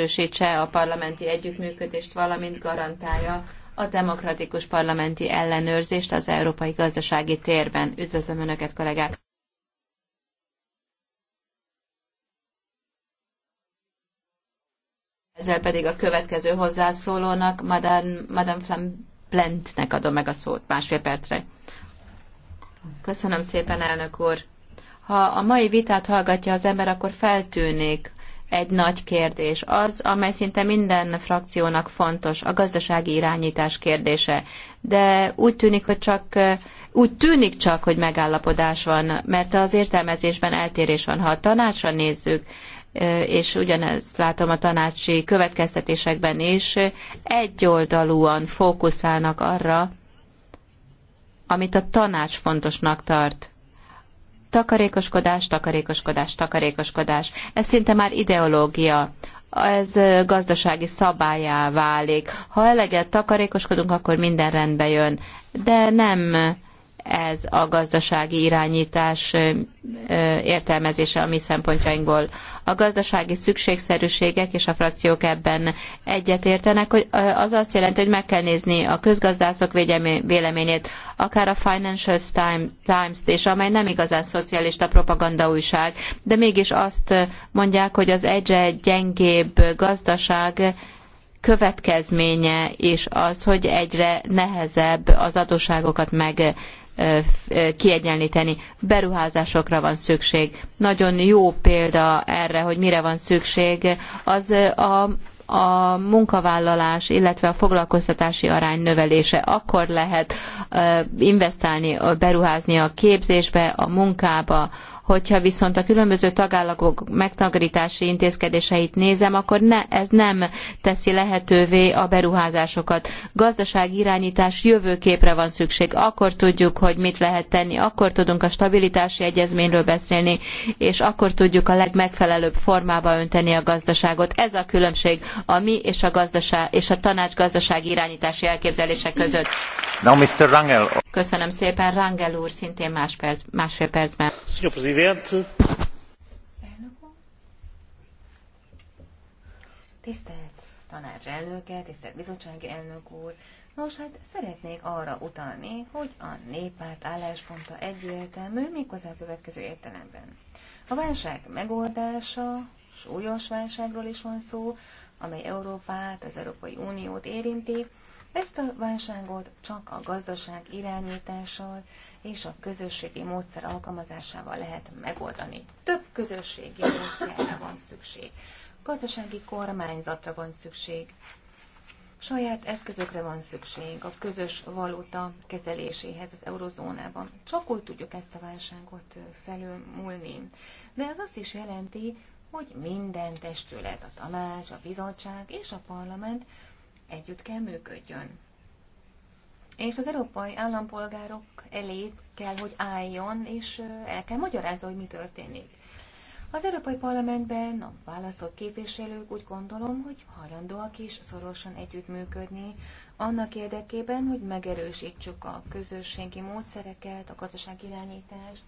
megerősítse a parlamenti együttműködést, valamint garantálja a demokratikus parlamenti ellenőrzést az európai gazdasági térben. Üdvözlöm Önöket, kollégák! Ezzel pedig a következő hozzászólónak, Madame, Madame Blentnek adom meg a szót másfél percre. Köszönöm szépen, elnök úr! Ha a mai vitát hallgatja az ember, akkor feltűnik, egy nagy kérdés, az, amely szinte minden frakciónak fontos, a gazdasági irányítás kérdése. De úgy tűnik, hogy csak, úgy tűnik csak, hogy megállapodás van, mert az értelmezésben eltérés van. Ha a tanácsra nézzük, és ugyanezt látom a tanácsi következtetésekben is, egyoldalúan fókuszálnak arra, amit a tanács fontosnak tart Takarékoskodás, takarékoskodás, takarékoskodás. Ez szinte már ideológia ez gazdasági szabályá válik. Ha eleget takarékoskodunk, akkor minden rendbe jön. De nem ez a gazdasági irányítás értelmezése a mi szempontjainkból. A gazdasági szükségszerűségek és a frakciók ebben egyetértenek, hogy az azt jelenti, hogy meg kell nézni a közgazdászok véleményét, akár a Financial Times-t is amely nem igazán szocialista propaganda újság, de mégis azt mondják, hogy az egyre gyengébb gazdaság következménye és az, hogy egyre nehezebb az adósságokat meg kiegyenlíteni. Beruházásokra van szükség. Nagyon jó példa erre, hogy mire van szükség, az a a munkavállalás, illetve a foglalkoztatási arány növelése. Akkor lehet investálni, beruházni a képzésbe, a munkába, Hogyha viszont a különböző tagállamok megtakarítási intézkedéseit nézem, akkor ne, ez nem teszi lehetővé a beruházásokat. Gazdasági irányítás jövőképre van szükség. Akkor tudjuk, hogy mit lehet tenni, akkor tudunk a stabilitási egyezményről beszélni, és akkor tudjuk a legmegfelelőbb formába önteni a gazdaságot. Ez a különbség a mi és a, gazdaság, és a tanács gazdasági irányítási elképzelése között. Now, Mr. Rangel. Köszönöm szépen, Rangel úr, szintén más perc, másfél percben presidente. Tisztelt elnöke, tisztelt bizottsági elnök úr, Nos, hát szeretnék arra utalni, hogy a néppárt állásponta egyértelmű, méghozzá a következő értelemben. A válság megoldása, súlyos válságról is van szó, amely Európát, az Európai Uniót érinti. Ezt a válságot csak a gazdaság irányítással és a közösségi módszer alkalmazásával lehet megoldani. Több közösségi módszerre van szükség. Gazdasági kormányzatra van szükség. Saját eszközökre van szükség a közös valuta kezeléséhez az eurozónában. Csak úgy tudjuk ezt a válságot felülmúlni. De ez azt is jelenti, hogy minden testület, a tanács, a bizottság és a parlament együtt kell működjön és az európai állampolgárok elé kell, hogy álljon, és el kell magyarázza, hogy mi történik. Az Európai Parlamentben a választott képviselők úgy gondolom, hogy hajlandóak is szorosan együttműködni, annak érdekében, hogy megerősítsük a közösségi módszereket, a gazdasági irányítást,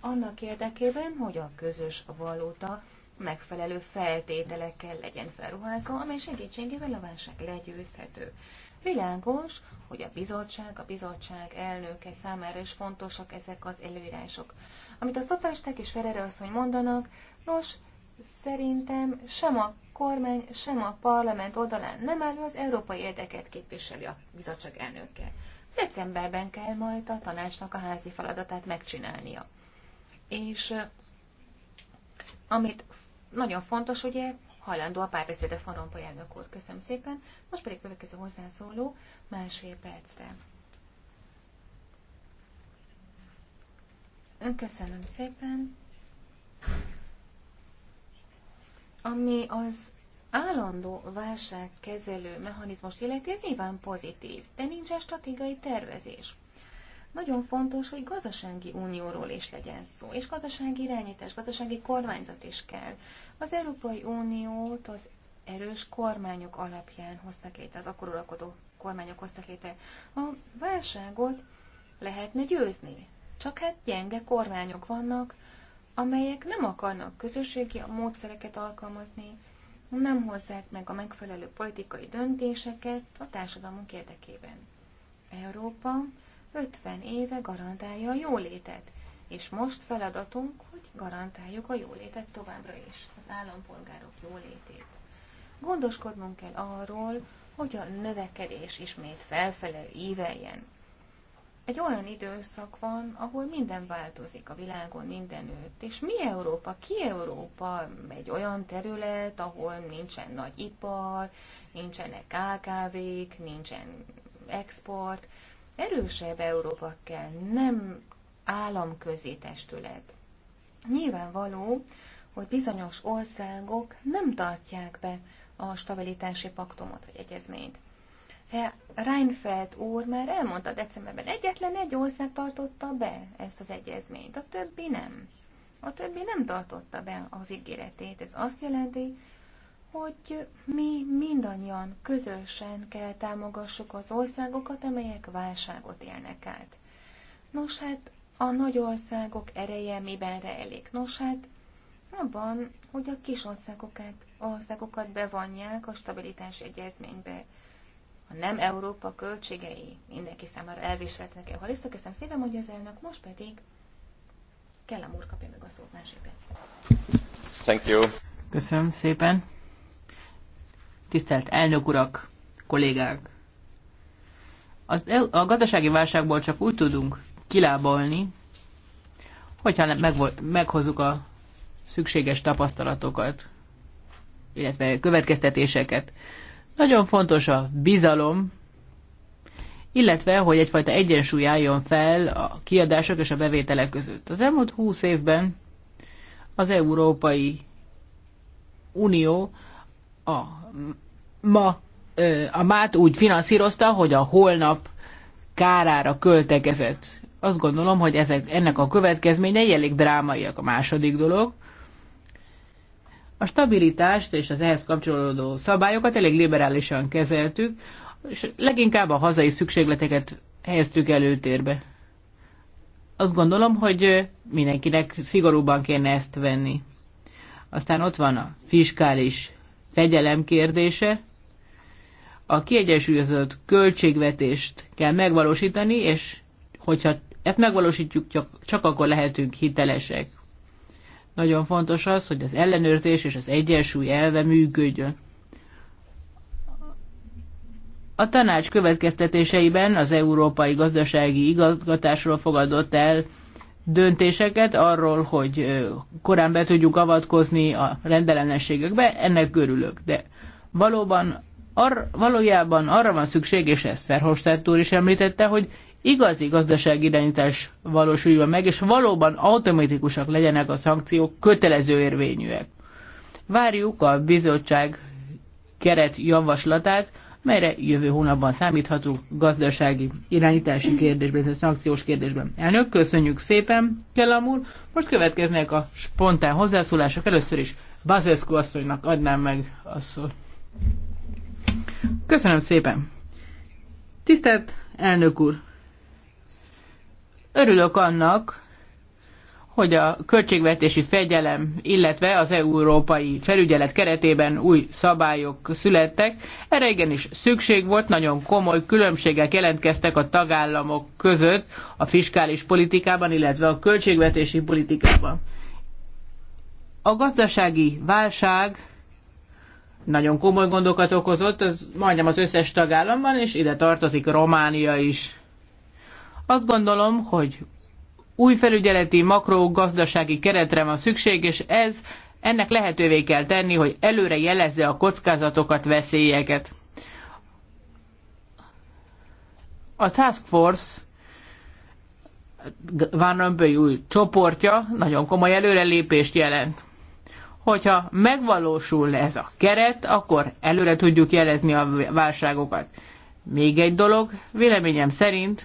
annak érdekében, hogy a közös valóta megfelelő feltételekkel legyen felruházva, amely segítségével a válság legyőzhető. Világos, hogy a bizottság, a bizottság elnöke számára is fontosak ezek az előírások. Amit a szocialisták és Ferere asszony mondanak, nos, szerintem sem a kormány, sem a parlament oldalán nem elő az európai érdeket képviseli a bizottság elnöke. Decemberben kell majd a tanácsnak a házi feladatát megcsinálnia. És amit nagyon fontos, ugye, hajlandó a párbeszédre Farompa elnök úr. Köszönöm szépen. Most pedig következő hozzászóló másfél percre. Ön köszönöm szépen. Ami az állandó válságkezelő mechanizmus illeti, ez nyilván pozitív, de nincsen stratégiai tervezés. Nagyon fontos, hogy gazdasági unióról is legyen szó, és gazdasági irányítás, gazdasági kormányzat is kell. Az Európai Uniót az erős kormányok alapján hoztak létre, az akkor uralkodó kormányok hoztak létre. A válságot lehetne győzni, csak hát gyenge kormányok vannak, amelyek nem akarnak közösségi módszereket alkalmazni, nem hozzák meg a megfelelő politikai döntéseket a társadalmunk érdekében. Európa 50 éve garantálja a jólétet, és most feladatunk, hogy garantáljuk a jólétet továbbra is, az állampolgárok jólétét. Gondoskodnunk kell arról, hogy a növekedés ismét felfele íveljen. Egy olyan időszak van, ahol minden változik a világon mindenütt, és mi Európa, ki Európa egy olyan terület, ahol nincsen nagy ipar, nincsenek KKV-k, nincsen export, Erősebb Európa kell, nem államközi testület. Nyilvánvaló, hogy bizonyos országok nem tartják be a stabilitási paktumot vagy egyezményt. Reinfeldt úr már elmondta decemberben, egyetlen egy ország tartotta be ezt az egyezményt, a többi nem. A többi nem tartotta be az ígéretét. Ez azt jelenti, hogy mi mindannyian közösen kell támogassuk az országokat, amelyek válságot élnek át. Nos hát, a nagy országok ereje miben rejlik? Nos hát, abban, hogy a kis országokat, országokat bevonják a stabilitás egyezménybe. A nem Európa költségei mindenki számára elviselhetnek el. Ha köszönöm szépen, hogy az elnök, most pedig kell a múr kapja meg a szót másik percre. Thank you. Köszönöm szépen tisztelt elnök urak, kollégák! Az, a gazdasági válságból csak úgy tudunk kilábalni, hogyha meghozzuk a szükséges tapasztalatokat, illetve következtetéseket. Nagyon fontos a bizalom, illetve, hogy egyfajta egyensúly álljon fel a kiadások és a bevételek között. Az elmúlt húsz évben az Európai Unió a ma a mát úgy finanszírozta, hogy a holnap kárára költekezett. Azt gondolom, hogy ezek, ennek a következményei elég drámaiak a második dolog. A stabilitást és az ehhez kapcsolódó szabályokat elég liberálisan kezeltük, és leginkább a hazai szükségleteket helyeztük előtérbe. Azt gondolom, hogy mindenkinek szigorúban kéne ezt venni. Aztán ott van a fiskális fegyelem kérdése. A kiegyensúlyozott költségvetést kell megvalósítani, és hogyha ezt megvalósítjuk, csak, akkor lehetünk hitelesek. Nagyon fontos az, hogy az ellenőrzés és az egyensúly elve működjön. A tanács következtetéseiben az európai gazdasági igazgatásról fogadott el döntéseket arról, hogy korán be tudjuk avatkozni a rendellenességekbe, ennek görülök. De valóban ar, valójában arra van szükség, és ezt Verhofstadt úr is említette, hogy igazi gazdasági irányítás valósuljon meg, és valóban automatikusak legyenek a szankciók, kötelező érvényűek. Várjuk a bizottság keret javaslatát, melyre jövő hónapban számíthatunk gazdasági irányítási kérdésben, tehát szankciós kérdésben. Elnök, köszönjük szépen, Kellam úr. Most következnek a spontán hozzászólások. Először is Bazescu asszonynak adnám meg a szót. Köszönöm szépen. Tisztelt elnök úr! Örülök annak, hogy a költségvetési fegyelem, illetve az európai felügyelet keretében új szabályok születtek. Erre igenis szükség volt, nagyon komoly különbségek jelentkeztek a tagállamok között a fiskális politikában, illetve a költségvetési politikában. A gazdasági válság nagyon komoly gondokat okozott, az majdnem az összes tagállamban, és ide tartozik Románia is. Azt gondolom, hogy új felügyeleti makrogazdasági keretre van szükség, és ez ennek lehetővé kell tenni, hogy előre jelezze a kockázatokat, veszélyeket. A Task Force Van Rompuy új csoportja nagyon komoly előrelépést jelent. Hogyha megvalósul ez a keret, akkor előre tudjuk jelezni a válságokat. Még egy dolog, véleményem szerint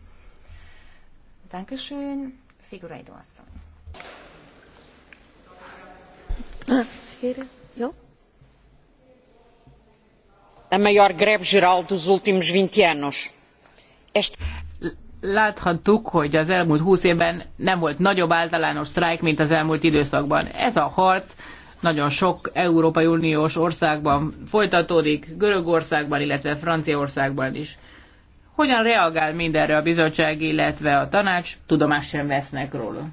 Dankeschön, Figureidó asszony. Jó? a maior greve geral dos últimos 20 anos. Este... Láthattuk, hogy az elmúlt 20 évben nem volt nagyobb általános sztrájk, mint az elmúlt időszakban. Ez a harc nagyon sok Európai Uniós országban folytatódik, Görögországban, illetve Franciaországban is. Hogyan reagál mindenre a bizottság, illetve a tanács? tudomás sem vesznek róla.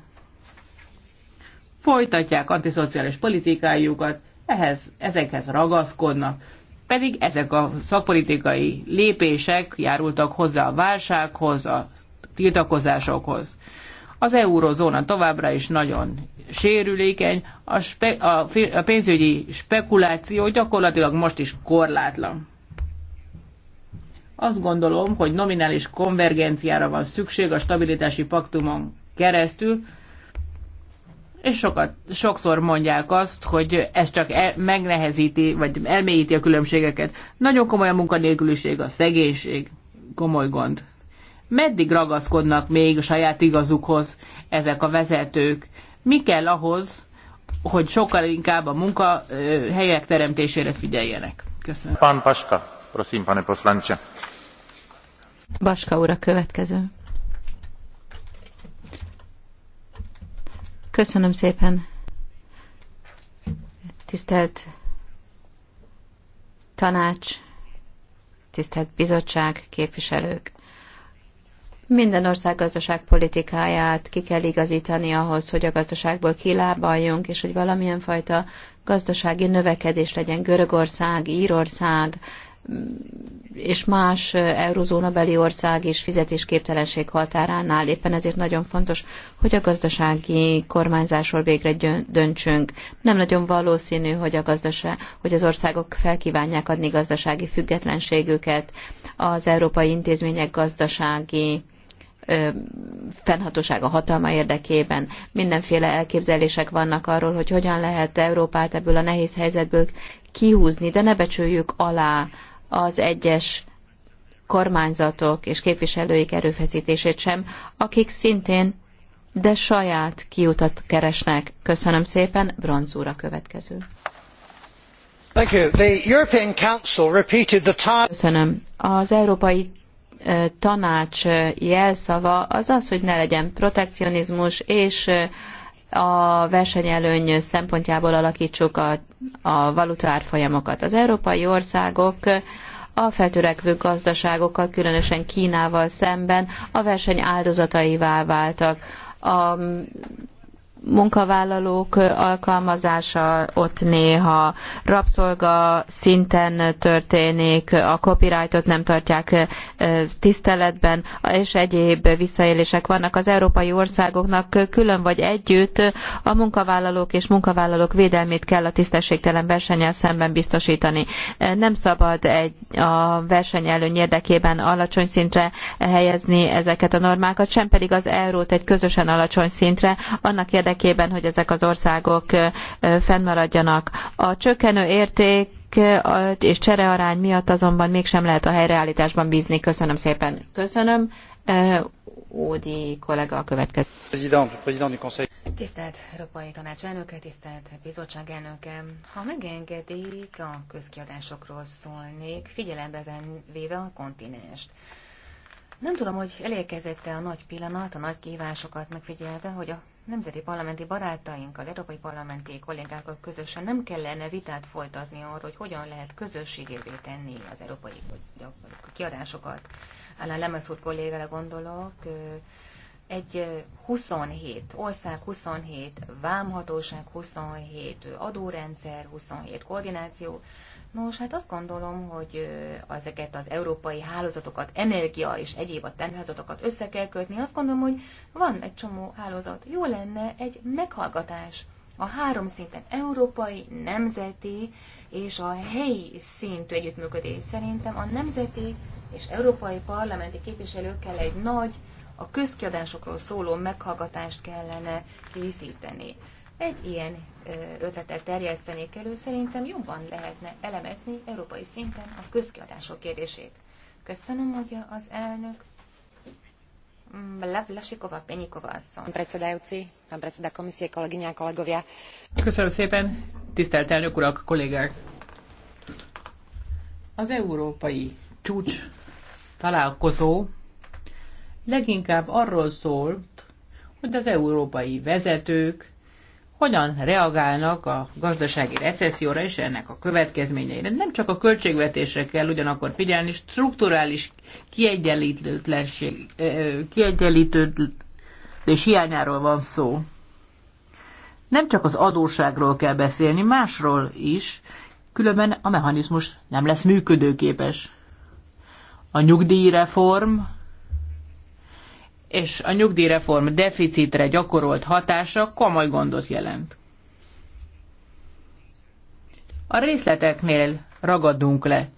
Folytatják antiszociális politikájukat, ehhez, ezekhez ragaszkodnak, pedig ezek a szakpolitikai lépések járultak hozzá a válsághoz, a tiltakozásokhoz. Az eurozóna továbbra is nagyon sérülékeny, a, spe, a, a pénzügyi spekuláció gyakorlatilag most is korlátlan. Azt gondolom, hogy nominális konvergenciára van szükség a stabilitási paktumon keresztül, és sokat, sokszor mondják azt, hogy ez csak el, megnehezíti, vagy elmélyíti a különbségeket. Nagyon komoly a munkanélküliség, a szegénység, komoly gond. Meddig ragaszkodnak még a saját igazukhoz ezek a vezetők? Mi kell ahhoz, hogy sokkal inkább a munkahelyek teremtésére figyeljenek? Köszönöm. Pán Paska. Prosím, pane poslanče. Baska úr a következő. Köszönöm szépen. Tisztelt tanács, tisztelt bizottság, képviselők. Minden ország gazdaságpolitikáját ki kell igazítani ahhoz, hogy a gazdaságból kilábaljunk, és hogy valamilyen fajta gazdasági növekedés legyen Görögország, Írország, és más eurozóna beli ország és fizetésképtelenség határánál. Éppen ezért nagyon fontos, hogy a gazdasági kormányzásról végre döntsünk. Nem nagyon valószínű, hogy, a gazdaság, hogy az országok felkívánják adni gazdasági függetlenségüket az európai intézmények gazdasági fennhatósága hatalma érdekében. Mindenféle elképzelések vannak arról, hogy hogyan lehet Európát ebből a nehéz helyzetből kihúzni, de ne becsüljük alá az egyes kormányzatok és képviselőik erőfeszítését sem, akik szintén de saját kiutat keresnek. Köszönöm szépen, Bronz úr a következő. Köszönöm. Az Európai eh, Tanács eh, jelszava az az, hogy ne legyen protekcionizmus és eh, a versenyelőny szempontjából alakítsuk a, a árfolyamokat. Az európai országok a feltörekvő gazdaságokkal, különösen Kínával szemben a verseny áldozataivá váltak. A munkavállalók alkalmazása ott néha rabszolga szinten történik, a copyrightot nem tartják tiszteletben, és egyéb visszaélések vannak az európai országoknak külön vagy együtt a munkavállalók és munkavállalók védelmét kell a tisztességtelen versenyel szemben biztosítani. Nem szabad egy, a előny érdekében alacsony szintre helyezni ezeket a normákat, sem pedig az eurót egy közösen alacsony szintre, annak érdekében, érdekében, hogy ezek az országok fennmaradjanak. A csökkenő érték és cserearány miatt azonban mégsem lehet a helyreállításban bízni. Köszönöm szépen. Köszönöm. Ódi kollega a következő. Tisztelt Európai Tanács elnöke, tisztelt bizottság elnöke, ha megengedik, a közkiadásokról szólnék, figyelembe véve a kontinenst. Nem tudom, hogy elérkezett-e a nagy pillanat, a nagy kívásokat megfigyelve, hogy a nemzeti parlamenti barátainkkal, európai parlamenti kollégákkal közösen nem kellene vitát folytatni arról, hogy hogyan lehet közösségévé tenni az európai kiadásokat. Állán Lemeszúr kollégára gondolok, egy 27, ország 27, vámhatóság 27, adórendszer 27, koordináció, Nos, hát azt gondolom, hogy ezeket az európai hálózatokat, energia és egyéb a hálózatokat össze kell kötni. Azt gondolom, hogy van egy csomó hálózat. Jó lenne egy meghallgatás a három szinten európai, nemzeti és a helyi szintű együttműködés. Szerintem a nemzeti és európai parlamenti képviselőkkel egy nagy, a közkiadásokról szóló meghallgatást kellene készíteni egy ilyen ötletet terjesztenék elő, szerintem jobban lehetne elemezni európai szinten a közkiadások kérdését. Köszönöm, mondja az elnök. Levlasikova, Penyikova asszony. Predsedajúci, pán predseda komiszie, kolegyne Köszönöm szépen, tisztelt elnök urak, kollégák. Az európai csúcs találkozó leginkább arról szólt, hogy az európai vezetők hogyan reagálnak a gazdasági recesszióra és ennek a következményeire. Nem csak a költségvetésre kell ugyanakkor figyelni, strukturális kiegyenlítőtlenség, kiegyenlítődés hiányáról van szó. Nem csak az adósságról kell beszélni, másról is, különben a mechanizmus nem lesz működőképes. A nyugdíjreform és a nyugdíjreform deficitre gyakorolt hatása komoly gondot jelent. A részleteknél ragadunk le.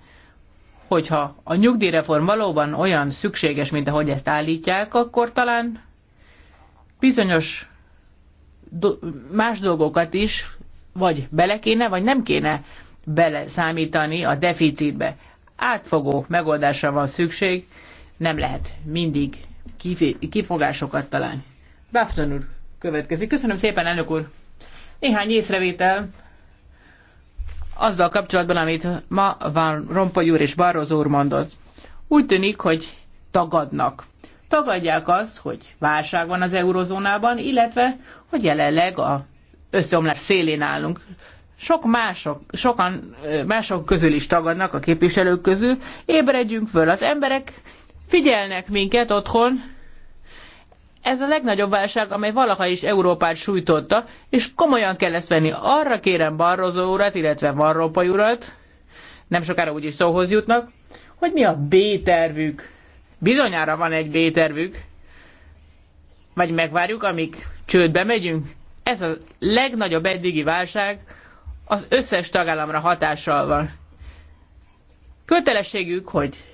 Hogyha a nyugdíjreform valóban olyan szükséges, mint ahogy ezt állítják, akkor talán bizonyos do más dolgokat is vagy bele kéne, vagy nem kéne bele számítani a deficitbe. Átfogó megoldásra van szükség, nem lehet mindig kifogásokat találni. Báfton úr következik. Köszönöm szépen, elnök úr. Néhány észrevétel azzal kapcsolatban, amit ma Van Rompoly úr és Barroz úr mondott. Úgy tűnik, hogy tagadnak. Tagadják azt, hogy válság van az eurozónában, illetve, hogy jelenleg a összeomlás szélén állunk. Sok mások, sokan mások közül is tagadnak a képviselők közül. Ébredjünk föl, az emberek Figyelnek minket otthon, ez a legnagyobb válság, amely valaha is Európát sújtotta, és komolyan kell ezt venni. Arra kérem Barrozó urat, illetve Van Rompuy urat, nem sokára úgyis szóhoz jutnak, hogy mi a B-tervük. Bizonyára van egy B-tervük. Vagy megvárjuk, amíg csődbe megyünk. Ez a legnagyobb eddigi válság az összes tagállamra hatással van. Kötelességük, hogy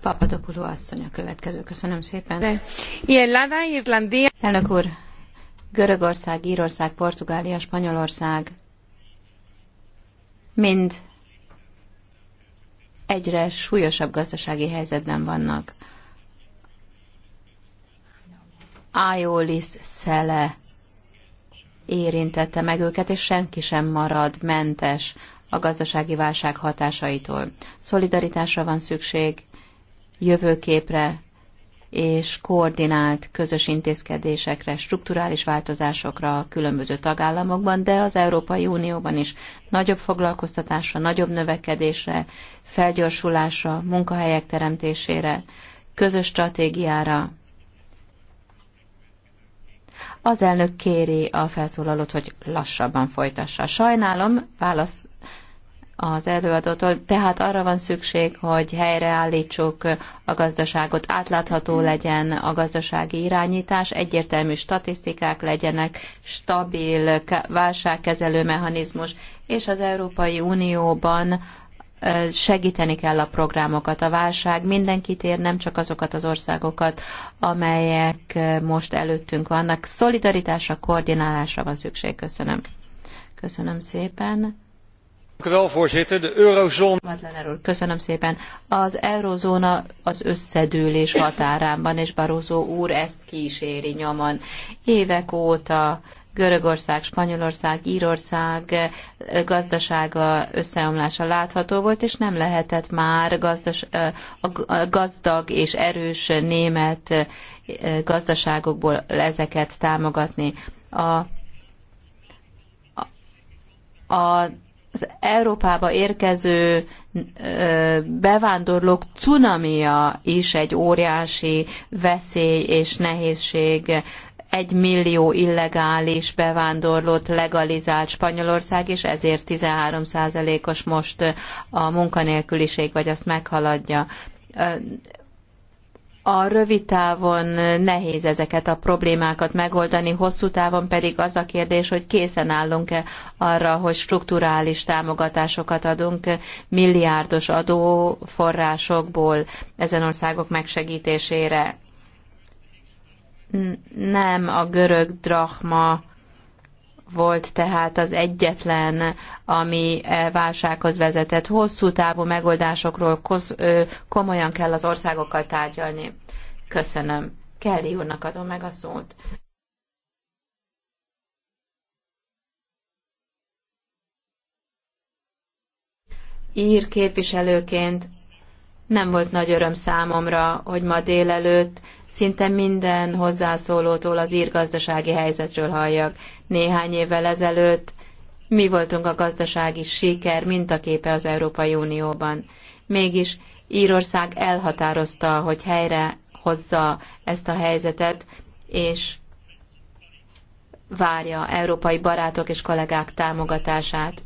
Papadopoulou asszony a következő. Köszönöm szépen. Irlanda, Irlandia. Elnök úr, Görögország, Írország, Portugália, Spanyolország mind egyre súlyosabb gazdasági helyzetben vannak. Aiolis szele érintette meg őket, és senki sem marad mentes a gazdasági válság hatásaitól. Szolidaritásra van szükség, jövőképre és koordinált közös intézkedésekre, strukturális változásokra a különböző tagállamokban, de az Európai Unióban is nagyobb foglalkoztatásra, nagyobb növekedésre, felgyorsulásra, munkahelyek teremtésére, közös stratégiára. Az elnök kéri a felszólalót, hogy lassabban folytassa. Sajnálom, válasz, az előadótól. Tehát arra van szükség, hogy helyreállítsuk a gazdaságot, átlátható legyen a gazdasági irányítás, egyértelmű statisztikák legyenek, stabil válságkezelő mechanizmus, és az Európai Unióban segíteni kell a programokat. A válság mindenkit ér, nem csak azokat az országokat, amelyek most előttünk vannak. Szolidaritásra, koordinálásra van szükség. Köszönöm. Köszönöm szépen. Köszönöm szépen. Az eurozóna az összedőlés határán van, és Barroso úr ezt kíséri nyomon. Évek óta Görögország, Spanyolország, Írország eh, gazdasága összeomlása látható volt, és nem lehetett már gazdas, eh, a gazdag és erős német eh, gazdaságokból ezeket támogatni. A, a az Európába érkező bevándorlók cunamia is egy óriási veszély és nehézség. Egy millió illegális bevándorlót legalizált Spanyolország, és ezért 13%-os most a munkanélküliség, vagy azt meghaladja a rövid távon nehéz ezeket a problémákat megoldani, hosszú távon pedig az a kérdés, hogy készen állunk-e arra, hogy strukturális támogatásokat adunk milliárdos adóforrásokból ezen országok megsegítésére. Nem a görög drachma volt tehát az egyetlen, ami e válsághoz vezetett. Hosszú távú megoldásokról komolyan kell az országokkal tárgyalni. Köszönöm. Kelly úrnak adom meg a szót. Ír képviselőként nem volt nagy öröm számomra, hogy ma délelőtt szinte minden hozzászólótól az ír gazdasági helyzetről halljak néhány évvel ezelőtt mi voltunk a gazdasági siker mintaképe az Európai Unióban. Mégis Írország elhatározta, hogy helyre hozza ezt a helyzetet, és várja európai barátok és kollégák támogatását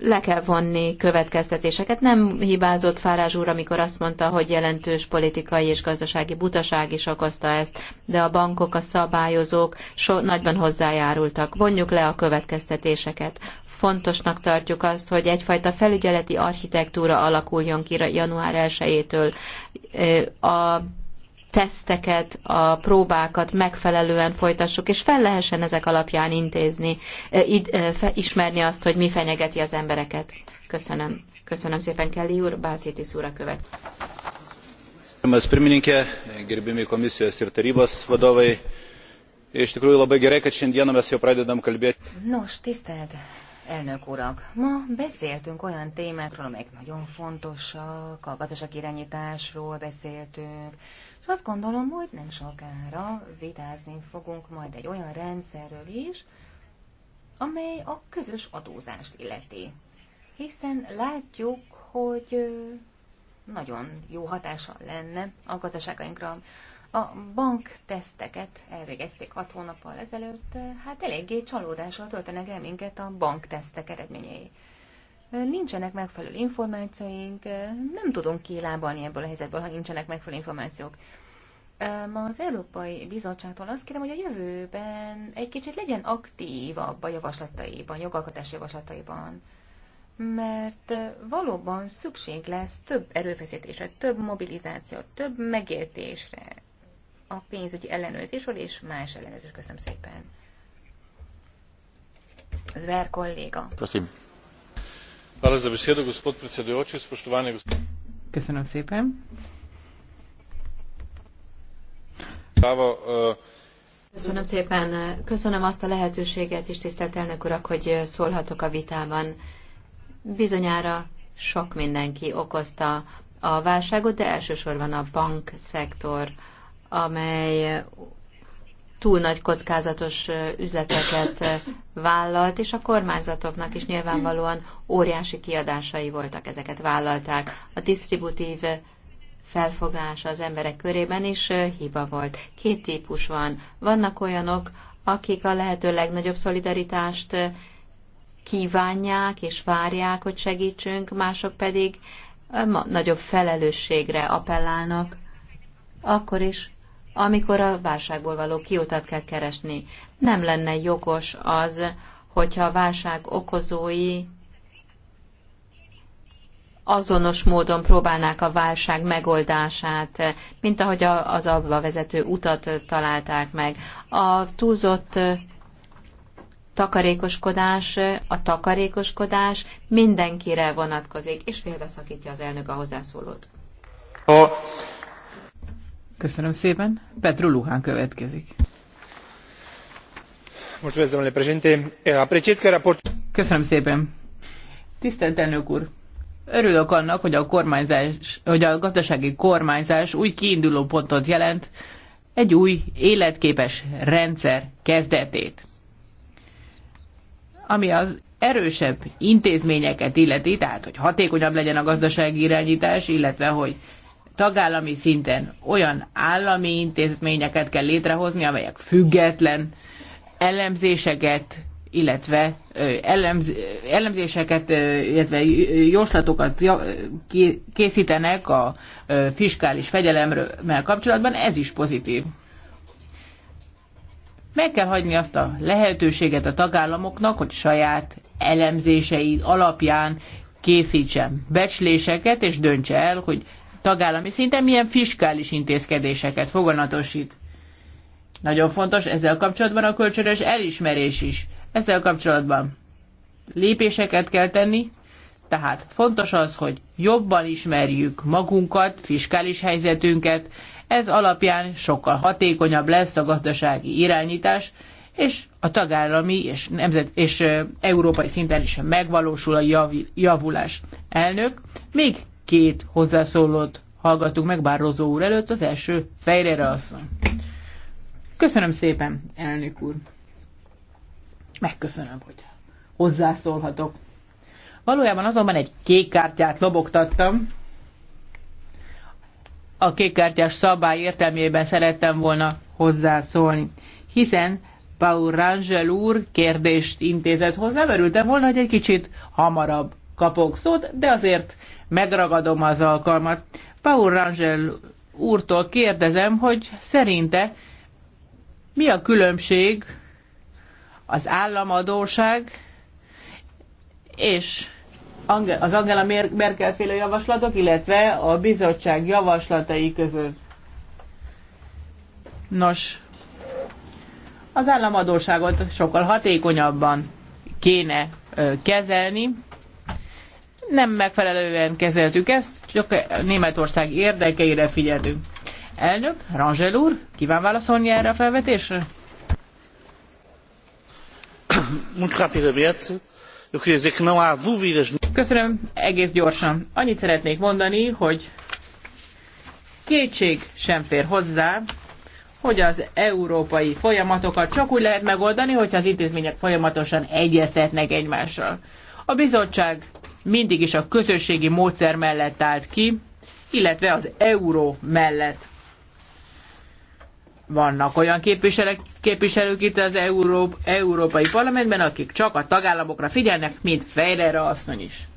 le kell vonni következtetéseket. Nem hibázott Fárázs úr, amikor azt mondta, hogy jelentős politikai és gazdasági butaság is okozta ezt, de a bankok, a szabályozók so- nagyban hozzájárultak. Vonjuk le a következtetéseket. Fontosnak tartjuk azt, hogy egyfajta felügyeleti architektúra alakuljon ki január 1-től. A teszteket, a próbákat megfelelően folytassuk, és fel lehessen ezek alapján intézni, e, e, ismerni azt, hogy mi fenyegeti az embereket. Köszönöm. Köszönöm szépen, Kelly úr, Bászítis úr a követ. Gerbiamas pirmininkė, gerbiami komisijos ir tarybos vadovai, iš tikrųjų labai gerai, kad šiandieną mes jau pradedam kalbėti. Nos, tisztelt Elnök urak, ma beszéltünk olyan témákról, amelyek nagyon fontosak, a gazdaság irányításról beszéltünk, és azt gondolom, hogy nem sokára vitázni fogunk majd egy olyan rendszerről is, amely a közös adózást illeti. Hiszen látjuk, hogy nagyon jó hatása lenne a gazdaságainkra a bank teszteket elvégezték hat hónappal ezelőtt, hát eléggé csalódással töltenek el minket a bank tesztek eredményei. Nincsenek megfelelő információink, nem tudunk kilábalni ebből a helyzetből, ha nincsenek megfelelő információk. Ma az Európai Bizottságtól azt kérem, hogy a jövőben egy kicsit legyen aktívabb a javaslataiban, jogalkotási javaslataiban mert valóban szükség lesz több erőfeszítésre, több mobilizáció, több megértésre, a pénzügyi ellenőrzésről és más ellenőrzés. Köszönöm szépen. Zver kolléga. Köszönöm. Hvala za besedo, gospod predsedujoči, spoštovani gospod. Köszönöm szépen. Eh, Köszönöm szépen. Köszönöm azt a lehetőséget is, tisztelt elnök urak, hogy szólhatok a vitában. Bizonyára sok mindenki okozta a válságot, de elsősorban a bankszektor amely túl nagy kockázatos üzleteket vállalt, és a kormányzatoknak is nyilvánvalóan óriási kiadásai voltak, ezeket vállalták. A disztributív felfogása az emberek körében is hiba volt. Két típus van. Vannak olyanok, akik a lehető legnagyobb szolidaritást kívánják és várják, hogy segítsünk, mások pedig nagyobb felelősségre appellálnak, akkor is, amikor a válságból való kiutat kell keresni. Nem lenne jogos az, hogyha a válság okozói azonos módon próbálnák a válság megoldását, mint ahogy az abba vezető utat találták meg. A túlzott takarékoskodás, a takarékoskodás mindenkire vonatkozik, és félbeszakítja az elnök a hozzászólót. A Köszönöm szépen. Petru Luhán következik. Köszönöm szépen. Tisztelt elnök úr! Örülök annak, hogy a, kormányzás, hogy a gazdasági kormányzás új kiinduló pontot jelent, egy új életképes rendszer kezdetét. Ami az erősebb intézményeket illeti, tehát hogy hatékonyabb legyen a gazdasági irányítás, illetve hogy tagállami szinten olyan állami intézményeket kell létrehozni, amelyek független elemzéseket, illetve elemz, elemzéseket, illetve jóslatokat készítenek a fiskális fegyelemmel kapcsolatban, ez is pozitív. Meg kell hagyni azt a lehetőséget a tagállamoknak, hogy saját elemzései alapján készítsen becsléseket, és döntse el, hogy tagállami szinten milyen fiskális intézkedéseket foganatosít. Nagyon fontos ezzel kapcsolatban a kölcsönös elismerés is. Ezzel kapcsolatban lépéseket kell tenni, tehát fontos az, hogy jobban ismerjük magunkat, fiskális helyzetünket, ez alapján sokkal hatékonyabb lesz a gazdasági irányítás, és a tagállami és, nemzet, és európai szinten is megvalósul a javulás. Elnök, még két hozzászólót hallgattuk meg Rozó úr előtt, az első Fejrere asszony. Köszönöm szépen, elnök úr. Megköszönöm, hogy hozzászólhatok. Valójában azonban egy kék kártyát lobogtattam. A kártyás szabály értelmében szerettem volna hozzászólni, hiszen Paul Rangel úr kérdést intézett hozzá, örültem volna, hogy egy kicsit hamarabb kapok szót, de azért megragadom az alkalmat. Paul Rangel úrtól kérdezem, hogy szerinte mi a különbség az államadóság és az Angela Merkel féle javaslatok, illetve a bizottság javaslatai között. Nos, az államadóságot sokkal hatékonyabban kéne kezelni, nem megfelelően kezeltük ezt, csak Németország érdekeire figyeltünk. Elnök, Rangel úr, kíván válaszolni erre a felvetésre? Köszönöm, egész gyorsan. Annyit szeretnék mondani, hogy kétség sem fér hozzá, hogy az európai folyamatokat csak úgy lehet megoldani, hogyha az intézmények folyamatosan egyeztetnek egymással. A bizottság mindig is a közösségi módszer mellett állt ki, illetve az euró mellett. Vannak olyan képviselők, képviselők itt az Euró, Európai Parlamentben, akik csak a tagállamokra figyelnek, mint Fejlere asszony is.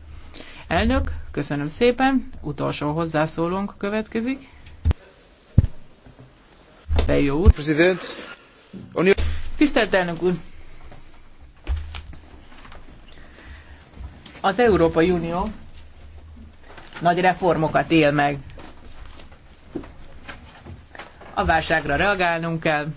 Elnök, köszönöm szépen. Utolsó hozzászólónk következik. Bejó úr. Tisztelt elnök úr! Az Európai Unió nagy reformokat él meg. A válságra reagálnunk kell,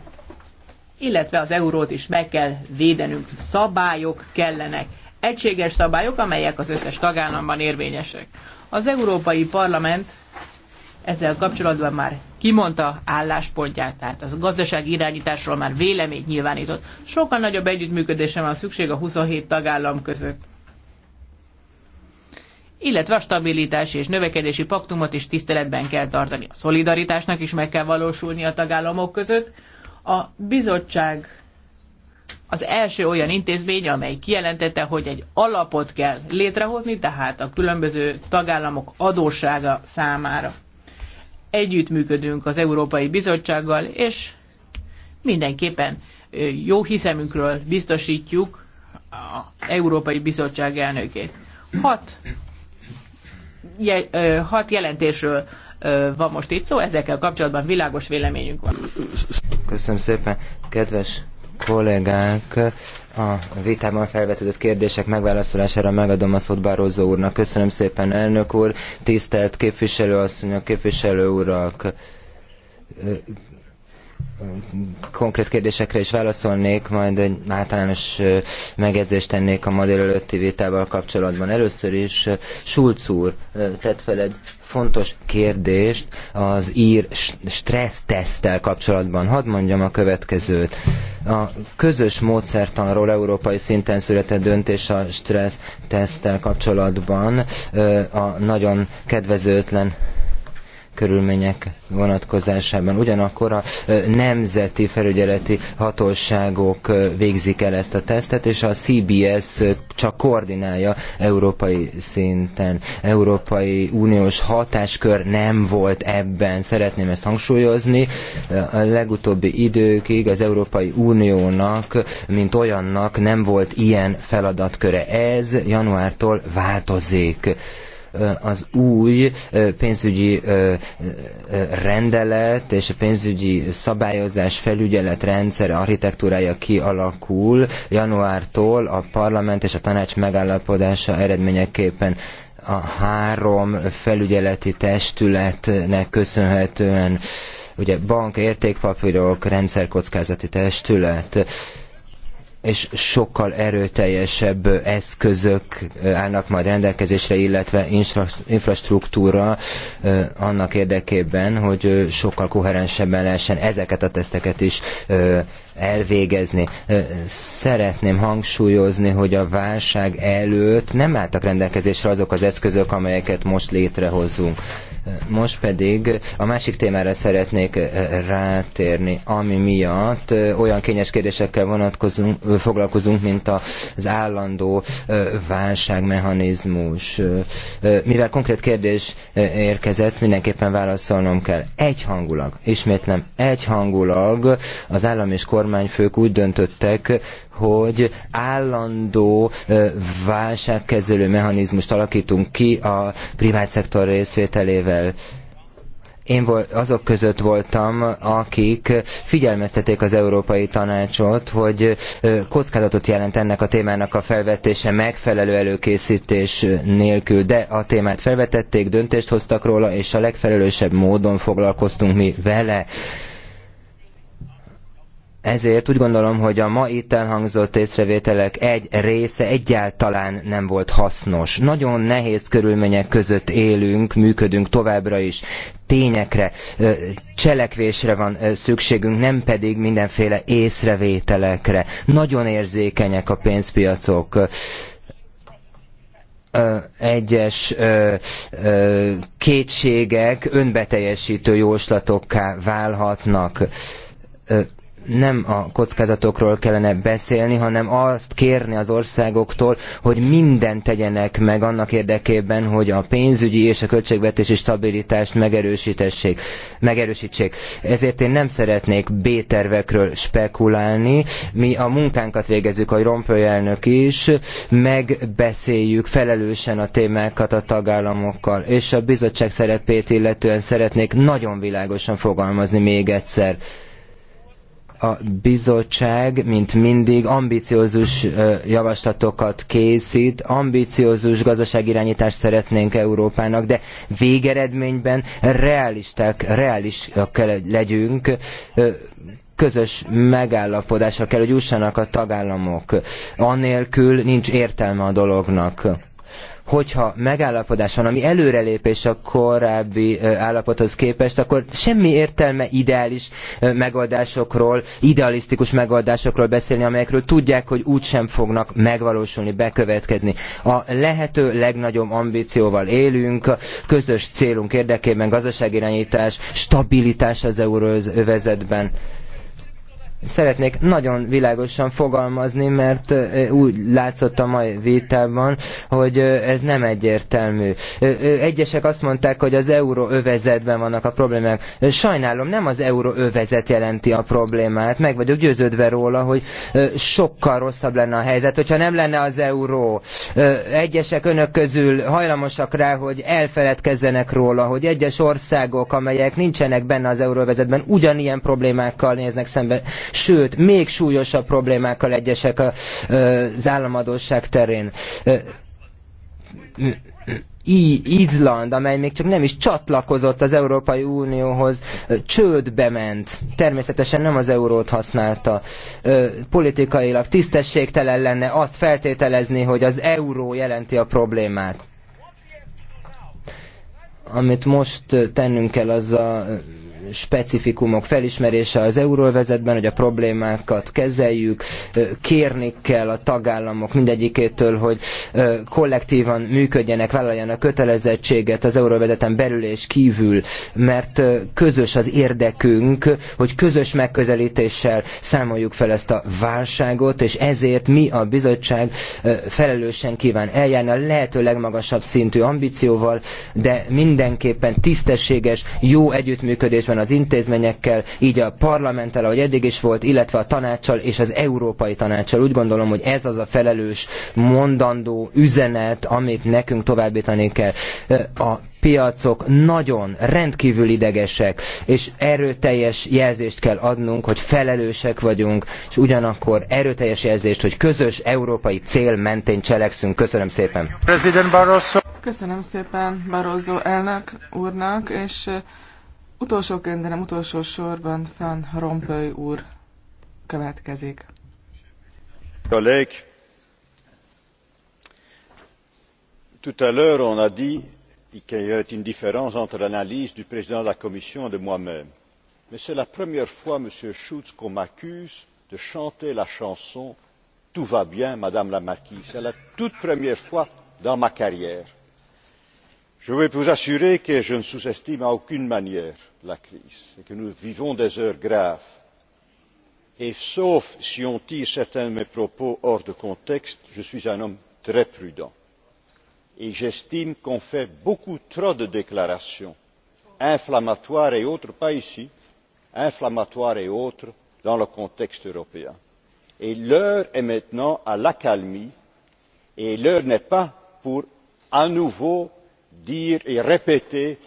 illetve az eurót is meg kell védenünk. Szabályok kellenek. Egységes szabályok, amelyek az összes tagállamban érvényesek. Az Európai Parlament ezzel kapcsolatban már kimondta álláspontját, tehát az gazdasági irányításról már véleményt nyilvánított. Sokkal nagyobb együttműködésre van szükség a 27 tagállam között illetve a stabilitási és növekedési paktumot is tiszteletben kell tartani. A szolidaritásnak is meg kell valósulni a tagállamok között. A bizottság az első olyan intézmény, amely kijelentette, hogy egy alapot kell létrehozni, tehát a különböző tagállamok adóssága számára. Együttműködünk az Európai Bizottsággal, és mindenképpen jó hiszemünkről biztosítjuk az Európai Bizottság elnökét. Hat hat jelentésről van most itt szó, ezekkel kapcsolatban világos véleményünk van. Köszönöm szépen, kedves kollégák, a vitában felvetődött kérdések megválaszolására megadom a szót Barózó úrnak. Köszönöm szépen, elnök úr, tisztelt képviselőasszonyok, képviselő urak konkrét kérdésekre is válaszolnék, majd egy általános megjegyzést tennék a ma előtti vitával kapcsolatban. Először is Schulz úr tett fel egy fontos kérdést az ír stressztesztel kapcsolatban. Hadd mondjam a következőt. A közös módszertanról európai szinten született döntés a stressztesztel kapcsolatban a nagyon kedvezőtlen körülmények vonatkozásában. Ugyanakkor a nemzeti felügyeleti hatóságok végzik el ezt a tesztet, és a CBS csak koordinálja európai szinten. Európai Uniós hatáskör nem volt ebben, szeretném ezt hangsúlyozni. A legutóbbi időkig az Európai Uniónak, mint olyannak nem volt ilyen feladatköre. Ez januártól változik az új pénzügyi rendelet és a pénzügyi szabályozás felügyelet rendszer architektúrája kialakul januártól a parlament és a tanács megállapodása eredményeképpen a három felügyeleti testületnek köszönhetően ugye bank, értékpapírok, rendszerkockázati testület és sokkal erőteljesebb eszközök eh, állnak majd rendelkezésre, illetve infrastruktúra eh, annak érdekében, hogy eh, sokkal koherensebben lehessen ezeket a teszteket is elvégezni. Szeretném hangsúlyozni, hogy a válság előtt nem álltak rendelkezésre azok az eszközök, amelyeket most létrehozunk most pedig a másik témára szeretnék eh, rátérni, ami miatt eh, olyan kényes kérdésekkel vonatkozunk, foglalkozunk, mint az állandó eh, válságmechanizmus. Mivel konkrét kérdés érkezett, mindenképpen válaszolnom kell. Egyhangulag, ismétlem, egyhangulag az állam és kormányfők úgy döntöttek, hogy állandó válságkezelő mechanizmust alakítunk ki a privát szektor részvételével én azok között voltam, akik figyelmeztették az Európai Tanácsot, hogy kockázatot jelent ennek a témának a felvetése megfelelő előkészítés nélkül, de a témát felvetették, döntést hoztak róla, és a legfelelősebb módon foglalkoztunk mi vele. Ezért úgy gondolom, hogy a ma itt elhangzott észrevételek egy része egyáltalán nem volt hasznos. Nagyon nehéz körülmények között élünk, működünk továbbra is. Tényekre, cselekvésre van szükségünk, nem pedig mindenféle észrevételekre. Nagyon érzékenyek a pénzpiacok egyes kétségek önbeteljesítő jóslatokká válhatnak nem a kockázatokról kellene beszélni, hanem azt kérni az országoktól, hogy mindent tegyenek meg annak érdekében, hogy a pénzügyi és a költségvetési stabilitást megerősítessék, megerősítsék. Ezért én nem szeretnék B-tervekről spekulálni. Mi a munkánkat végezzük, ahogy Rompöly elnök is, megbeszéljük felelősen a témákat a tagállamokkal, és a bizottság szerepét illetően szeretnék nagyon világosan fogalmazni még egyszer a bizottság, mint mindig, ambiciózus javaslatokat készít, ambiciózus gazdaságirányítást szeretnénk Európának, de végeredményben realisták, realisak kell legyünk, közös megállapodásra kell, hogy jussanak a tagállamok. Annélkül nincs értelme a dolognak hogyha megállapodás van, ami előrelépés a korábbi állapothoz képest, akkor semmi értelme ideális megoldásokról, idealisztikus megoldásokról beszélni, amelyekről tudják, hogy úgysem fognak megvalósulni, bekövetkezni. A lehető legnagyobb ambícióval élünk, közös célunk érdekében gazdaságirányítás, stabilitás az euróvezetben szeretnék nagyon világosan fogalmazni, mert úgy látszott a mai vitában, hogy ez nem egyértelmű. Egyesek azt mondták, hogy az euróövezetben vannak a problémák. Sajnálom, nem az euróövezet jelenti a problémát. Meg vagyok győződve róla, hogy sokkal rosszabb lenne a helyzet, hogyha nem lenne az euró. Egyesek önök közül hajlamosak rá, hogy elfeledkezzenek róla, hogy egyes országok, amelyek nincsenek benne az euróövezetben, ugyanilyen problémákkal néznek szembe sőt, még súlyosabb problémákkal egyesek az államadóság terén. I, Izland, amely még csak nem is csatlakozott az Európai Unióhoz, csődbe ment. Természetesen nem az eurót használta. Politikailag tisztességtelen lenne azt feltételezni, hogy az euró jelenti a problémát. Amit most tennünk kell, az a specifikumok felismerése az euróvezetben, hogy a problémákat kezeljük, kérni kell a tagállamok mindegyikétől, hogy kollektívan működjenek, vállaljanak kötelezettséget az euróvezeten belül és kívül, mert közös az érdekünk, hogy közös megközelítéssel számoljuk fel ezt a válságot, és ezért mi a bizottság felelősen kíván eljárni a lehető legmagasabb szintű ambícióval, de mindenképpen tisztességes, jó együttműködésben az intézményekkel, így a parlamenttel, ahogy eddig is volt, illetve a tanácssal és az Európai Tanácssal. Úgy gondolom, hogy ez az a felelős mondandó üzenet, amit nekünk továbbítani kell. A piacok nagyon rendkívül idegesek, és erőteljes jelzést kell adnunk, hogy felelősek vagyunk, és ugyanakkor erőteljes jelzést, hogy közös európai cél mentén cselekszünk. Köszönöm szépen. Köszönöm szépen Barroso elnök úrnak, és Utolsóként, de nem utolsó sorban Fan Rompuy úr következik. Kollég, tout à l'heure on a dit qu'il y a une différence entre l'analyse du président de la Commission et de moi-même. Mais c'est la première fois, Monsieur Schulz, qu'on m'accuse de chanter la chanson Tout va bien, Madame la Marquise. C'est la toute première fois dans ma carrière je veux vous assurer que je ne sous estime en aucune manière la crise et que nous vivons des heures graves et sauf si on tire certains de mes propos hors de contexte je suis un homme très prudent et j'estime qu'on fait beaucoup trop de déclarations inflammatoires et autres pas ici inflammatoires et autres dans le contexte européen. l'heure est maintenant à l'accalmie et l'heure n'est pas pour à nouveau dire et répéter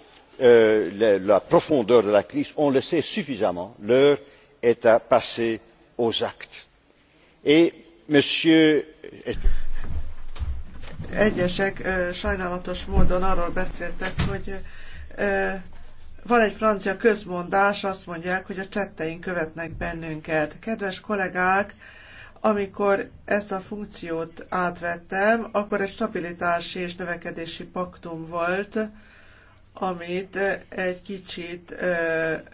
euh, la profondeur de la crise on le sait suffisamment l'heure est à passer aux actes. egyesek sajnálatos módon arról beszéltek hogy van egy francia közmondás azt mondják hogy a csetteink követnek bennünket. kedves kollégák! Amikor ezt a funkciót átvettem, akkor egy stabilitási és növekedési paktum volt, amit egy kicsit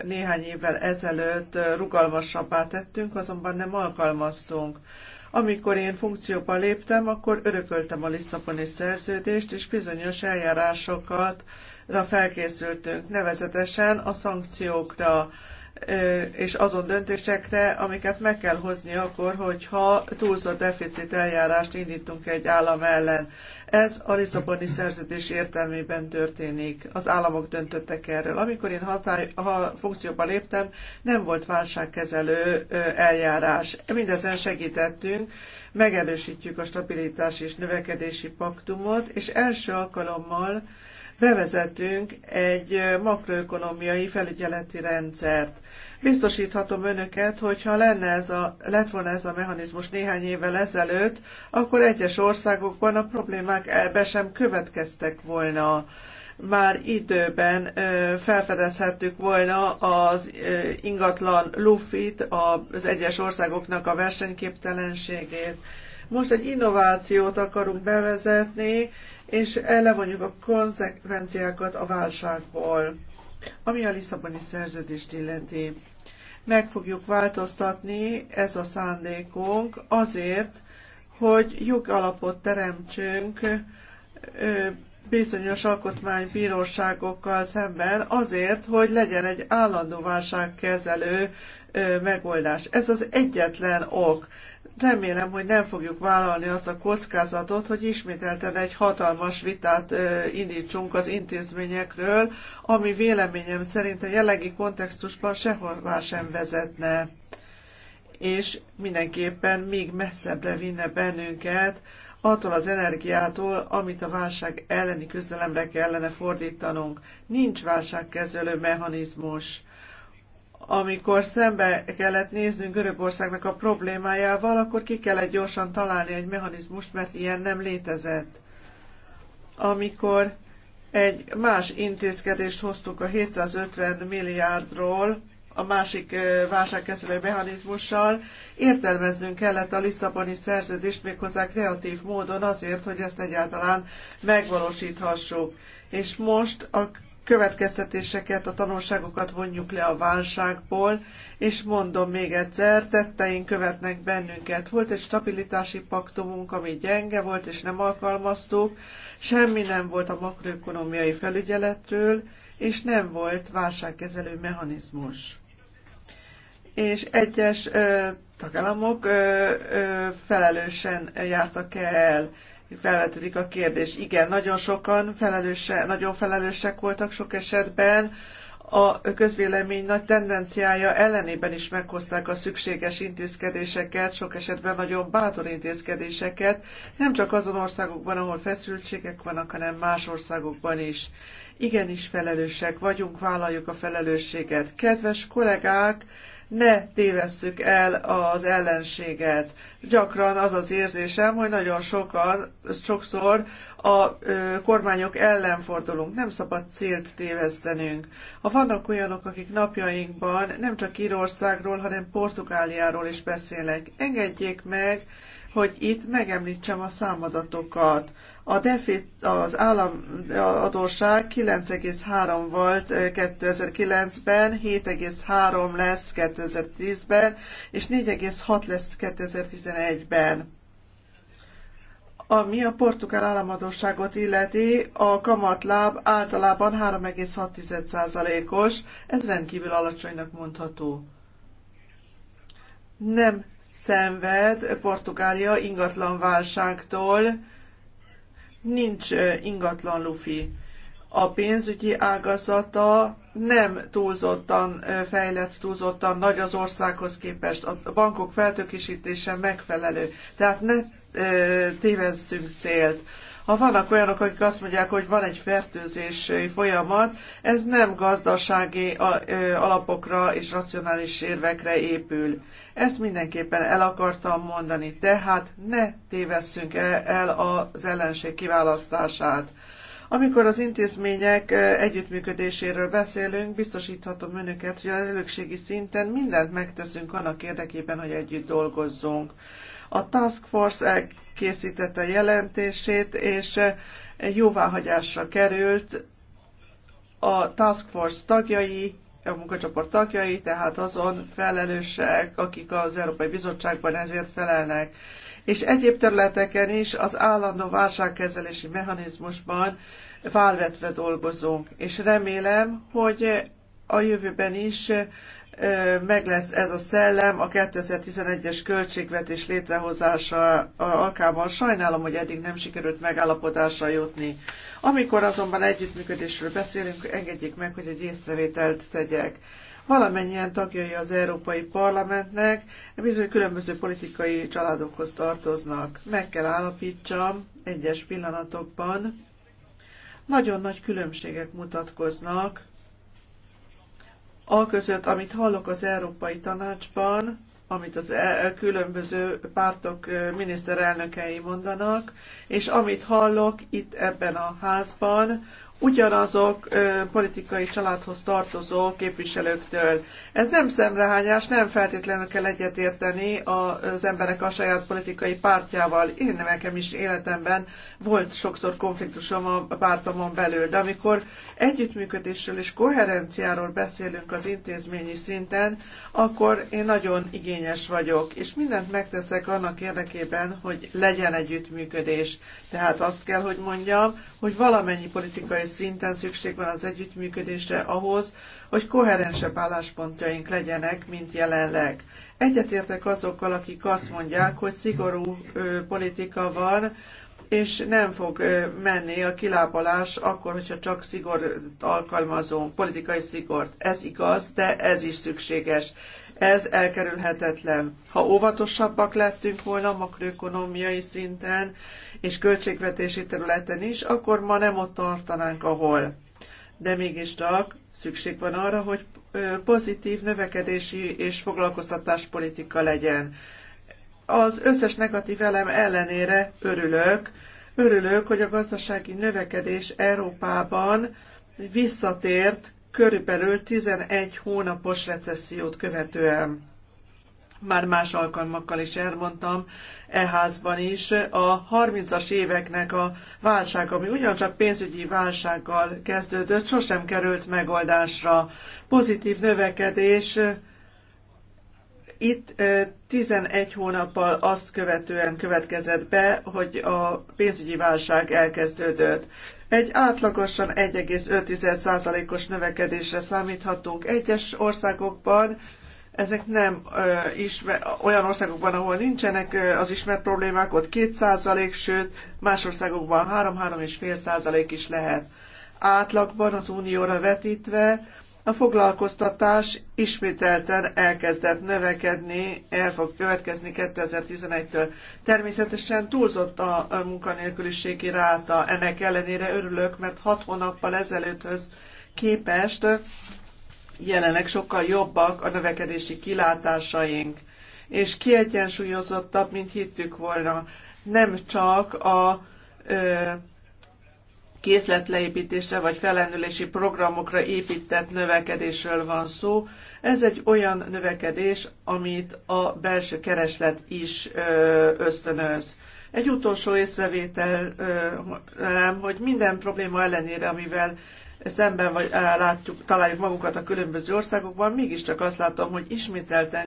néhány évvel ezelőtt rugalmasabbá tettünk, azonban nem alkalmaztunk. Amikor én funkcióba léptem, akkor örököltem a Lisszaboni szerződést, és bizonyos eljárásokat felkészültünk, nevezetesen a szankciókra, és azon döntésekre, amiket meg kell hozni akkor, hogyha túlzott deficit eljárást indítunk egy állam ellen. Ez a Lisszaboni szerződés értelmében történik. Az államok döntöttek erről. Amikor én hatály, ha funkcióba léptem, nem volt válságkezelő eljárás. Mindezen segítettünk, megerősítjük a stabilitási és növekedési paktumot, és első alkalommal bevezetünk egy makroökonomiai felügyeleti rendszert. Biztosíthatom önöket, hogy ha lenne ez a, lett volna ez a mechanizmus néhány évvel ezelőtt, akkor egyes országokban a problémák elbe sem következtek volna már időben felfedezhettük volna az ingatlan lufit, az egyes országoknak a versenyképtelenségét. Most egy innovációt akarunk bevezetni, és levonjuk a konzekvenciákat a válságból, ami a Lisszaboni szerződést illeti. Meg fogjuk változtatni, ez a szándékunk, azért, hogy jogalapot teremtsünk bizonyos alkotmánybíróságokkal szemben azért, hogy legyen egy állandó válságkezelő megoldás. Ez az egyetlen ok. Remélem, hogy nem fogjuk vállalni azt a kockázatot, hogy ismételten egy hatalmas vitát indítsunk az intézményekről, ami véleményem szerint a jelenlegi kontextusban sehová sem vezetne, és mindenképpen még messzebbre vinne bennünket attól az energiától, amit a válság elleni küzdelemre kellene fordítanunk. Nincs válságkezelő mechanizmus amikor szembe kellett néznünk Görögországnak a problémájával, akkor ki kellett gyorsan találni egy mechanizmust, mert ilyen nem létezett. Amikor egy más intézkedést hoztuk a 750 milliárdról, a másik válságkezelő mechanizmussal. Értelmeznünk kellett a Lisszaboni szerződést méghozzá kreatív módon azért, hogy ezt egyáltalán megvalósíthassuk. És most a következtetéseket, a tanulságokat vonjuk le a válságból, és mondom még egyszer, tetteink követnek bennünket. Volt egy stabilitási paktumunk, ami gyenge volt, és nem alkalmaztuk, semmi nem volt a makroökonomiai felügyeletről, és nem volt válságkezelő mechanizmus. És egyes ö, tagállamok ö, ö, felelősen jártak el felvetődik a kérdés. Igen, nagyon sokan felelőse, nagyon felelősek voltak sok esetben, a közvélemény nagy tendenciája ellenében is meghozták a szükséges intézkedéseket, sok esetben nagyon bátor intézkedéseket, nem csak azon országokban, ahol feszültségek vannak, hanem más országokban is. Igenis felelősek vagyunk, vállaljuk a felelősséget. Kedves kollégák, ne tévesszük el az ellenséget. Gyakran az az érzésem, hogy nagyon sokan, sokszor a kormányok ellen fordulunk, nem szabad célt tévesztenünk. Ha vannak olyanok, akik napjainkban nem csak Írországról, hanem Portugáliáról is beszélnek, engedjék meg, hogy itt megemlítsem a számadatokat. A defit, az államadóság 9,3 volt 2009-ben, 7,3 lesz 2010-ben, és 4,6 lesz 2011-ben. Ami a portugál államadóságot illeti, a kamatláb általában 3,6%-os, ez rendkívül alacsonynak mondható. Nem szenved Portugália ingatlan válságtól, nincs ingatlan lufi. A pénzügyi ágazata nem túlzottan fejlett, túlzottan nagy az országhoz képest. A bankok feltökisítése megfelelő. Tehát ne tévesszünk célt. Ha vannak olyanok, akik azt mondják, hogy van egy fertőzési folyamat, ez nem gazdasági alapokra és racionális érvekre épül. Ezt mindenképpen el akartam mondani, tehát ne tévesszünk e-, el az ellenség kiválasztását. Amikor az intézmények együttműködéséről beszélünk, biztosíthatom önöket, hogy az elnökségi szinten mindent megteszünk annak érdekében, hogy együtt dolgozzunk. A Task Force készítette jelentését, és jóváhagyásra került a Task Force tagjai, a munkacsoport tagjai, tehát azon felelősek, akik az Európai Bizottságban ezért felelnek. És egyéb területeken is az állandó válságkezelési mechanizmusban válvetve dolgozunk, és remélem, hogy a jövőben is meg lesz ez a szellem a 2011-es költségvetés létrehozása alkalmával. Sajnálom, hogy eddig nem sikerült megállapodásra jutni. Amikor azonban együttműködésről beszélünk, engedjék meg, hogy egy észrevételt tegyek. Valamennyien tagjai az Európai Parlamentnek, bizony különböző politikai családokhoz tartoznak. Meg kell állapítsam egyes pillanatokban, nagyon nagy különbségek mutatkoznak aközött, amit hallok az Európai Tanácsban, amit az e- e- különböző pártok miniszterelnökei mondanak, és amit hallok itt ebben a házban, ugyanazok ö, politikai családhoz tartozó képviselőktől. Ez nem szemrehányás, nem feltétlenül kell egyetérteni az emberek a saját politikai pártjával. Én nekem is életemben volt sokszor konfliktusom a pártomon belül, de amikor együttműködésről és koherenciáról beszélünk az intézményi szinten, akkor én nagyon igényes vagyok, és mindent megteszek annak érdekében, hogy legyen együttműködés. Tehát azt kell, hogy mondjam, hogy valamennyi politikai szinten szükség van az együttműködésre ahhoz, hogy koherensebb álláspontjaink legyenek, mint jelenleg. Egyetértek azokkal, akik azt mondják, hogy szigorú ö, politika van, és nem fog menni a kilábalás akkor, hogyha csak szigort alkalmazunk, politikai szigort. Ez igaz, de ez is szükséges. Ez elkerülhetetlen. Ha óvatosabbak lettünk volna makroekonomiai szinten és költségvetési területen is, akkor ma nem ott tartanánk, ahol. De mégis csak szükség van arra, hogy pozitív növekedési és foglalkoztatáspolitika legyen. Az összes negatív elem ellenére örülök, örülök, hogy a gazdasági növekedés Európában visszatért körülbelül 11 hónapos recessziót követően. Már más alkalmakkal is elmondtam, e házban is, a 30-as éveknek a válság, ami ugyancsak pénzügyi válsággal kezdődött, sosem került megoldásra. Pozitív növekedés itt 11 hónappal azt követően következett be, hogy a pénzügyi válság elkezdődött. Egy átlagosan 1,5%-os növekedésre számíthatunk egyes országokban, ezek nem ö, ismer, olyan országokban, ahol nincsenek ö, az ismert problémák, ott 2%, sőt más országokban 3-3,5% is lehet. Átlagban az unióra vetítve a foglalkoztatás ismételten elkezdett növekedni, el fog következni 2011-től. Természetesen túlzott a munkanélküliségi ráta, ennek ellenére örülök, mert hat hónappal ezelőtthöz képest jelenleg sokkal jobbak a növekedési kilátásaink, és kiegyensúlyozottabb, mint hittük volna. Nem csak a ö, készletleépítésre vagy felendülési programokra épített növekedésről van szó. Ez egy olyan növekedés, amit a belső kereslet is ösztönöz. Egy utolsó észrevételem, hogy minden probléma ellenére, amivel szemben vagy látjuk, találjuk magunkat a különböző országokban, mégiscsak azt látom, hogy ismételten